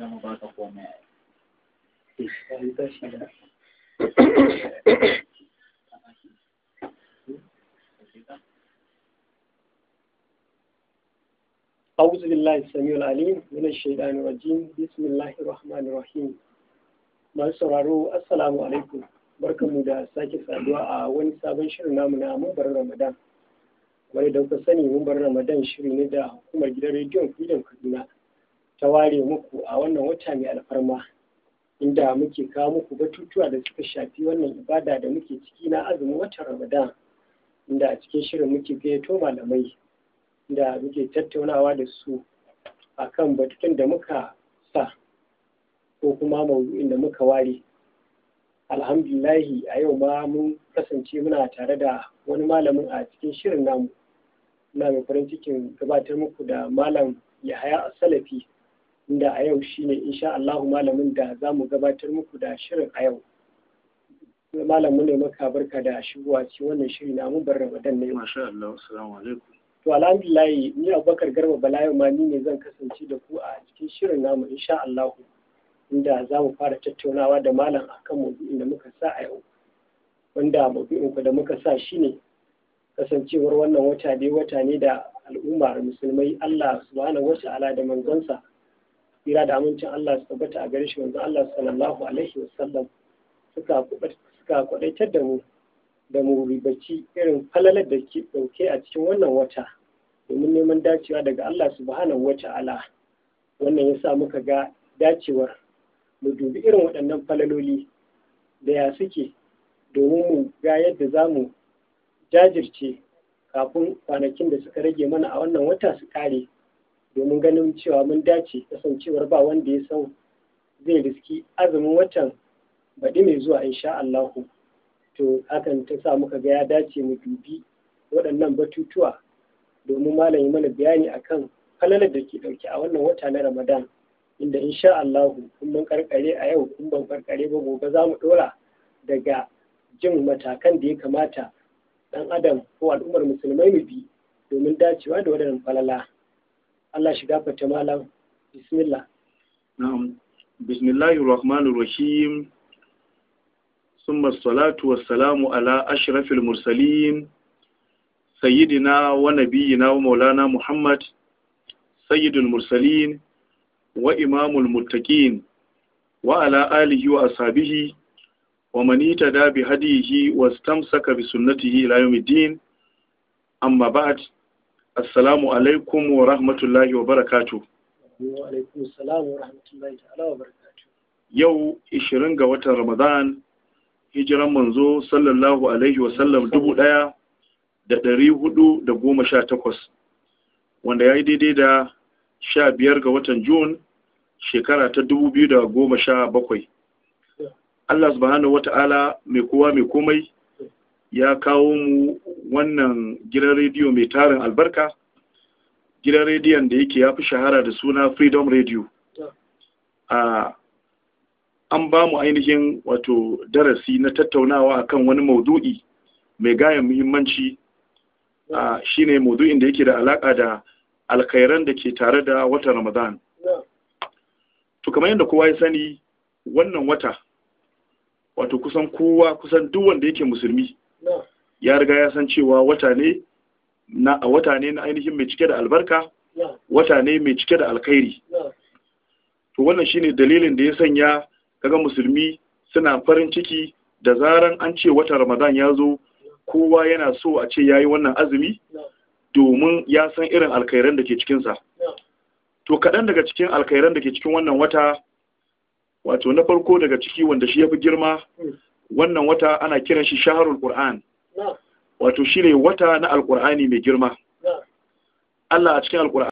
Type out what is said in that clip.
an gama baka komai أعوذ بالله السميع العليم من الشيطان الرجيم بسم الله الرحمن الرحيم ما سرارو da sake saduwa a wani sabon shirin namu na mun Ramadan wani da kuka sani mun Ramadan shiri ne da hukumar gidan rediyon Freedom Kaduna ta ware muku a wannan wata mai alfarma inda muke kawo muku batutuwa da suka shafi wannan ibada da muke ciki na azumin watan ramadan inda a cikin shirin muke gayyato malamai da muke tattaunawa da su a kan batutun da muka sa ko kuma maudu'in da muka ware alhamdulahi a yau ma mun kasance muna tare da wani malamin a cikin shirin namu ina mai farin cikin gabatar muku da malam yahaya salafi inda a yau shine insha Allahu malamin da za mu gabatar muku da shirin a yau malamu ne maka barka da shigowa ci wannan shiri na mu bar Ramadan ne masha Allah assalamu alaikum to alhamdulillah ni Abubakar Garba Balayo ma ni ne zan kasance da ku a cikin shirin namu insha Allahu inda za mu fara tattaunawa da malam akan maudu'in da muka sa a yau wanda maudu'in ku da muka sa shine kasancewar wannan wata dai wata ne da al'ummar musulmai Allah subhanahu wa ta'ala da manzonsa tsira da amincin Allah su tabbata a gare shi manzo Allah sallallahu alaihi wasallam suka suka kwadaitar da mu da mu ribaci irin falalar da ke dauke a cikin wannan wata domin neman dacewa daga Allah subhanahu wata'ala wannan yasa muka ga dacewar mu dubi irin waɗannan falaloli da ya suke domin mu ga yadda za mu jajirce kafin kwanakin da suka rage mana a wannan wata su kare domin ganin cewa mun dace kasancewar ba wanda ya san zai riski azumin watan baɗi mai zuwa insha Allahu to hakan ta sa muka gaya dace mu dubi waɗannan batutuwa domin yi mana bayani akan falalar da ke ɗauke a wannan wata na Ramadan inda insha Allahu kun mun karkare a yau in ban karkare ba gobe za mu ɗora daga jin matakan da ya kamata ɗan adam ko al'ummar musulmai mu bi domin dacewa da waɗannan falala. Allah shi gafarta malam bismillah na'am bismillahir rahmanir rahim summa salatu wassalamu ala ashrafil mursalin sayyidina wa Nabiyyina wa maulana muhammad sayyidul mursalin wa imamul muttaqin wa ala alihi wa ashabihi wa man ittada bi hadihi wastamsaka bi sunnatihi ila yawmiddin amma ba'ad. Assalamu alaikum wa rahmatullahi wa barakatu. Yau 20 ga watan Ramadan, hijiran manzo sallallahu Alaihi sallam dubu ɗaya da ɗari hudu da goma sha takwas, wanda ya yi daidai da sha biyar ga watan Jun shekara ta dubu biyu da goma sha bakwai. Allah subhanahu wa ta'ala mai kowa mai komai ya kawo mu wannan gidan rediyo mai tarin albarka gidan rediyon da yake ya fi shahara da suna freedom radio a an ba mu ainihin wato darasi na tattaunawa a kan wani maudu'i mai gaya muhimmanci Shi ne maudu'in da yake da alaka da alkhairan da ke tare da wata ramadan to kamar yadda kowa ya sani wannan wata wato kusan kowa kusan duk wanda yake musulmi ya riga ya san cewa wata ne na wata ne na ainihin mai cike da albarka wata ne mai cike da alkhairi to wannan shine dalilin da ya sanya kaga musulmi suna farin ciki da zaran an ce wata ramadan ya zo kowa yana so a ce yayi wannan azumi domin ya san irin alkhairan da ke cikinsa to kaɗan daga cikin alkhairan da ke cikin wannan wata wato na farko daga ciki wanda shi ya fi girma mm. wannan wata ana kiran shi shaharul qur'an wato shine wata na Alƙur'ani mai girma Allah a cikin Alƙur'ani.